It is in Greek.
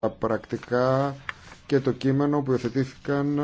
τα πρακτικά και το κείμενο που υιοθετήθηκαν ε,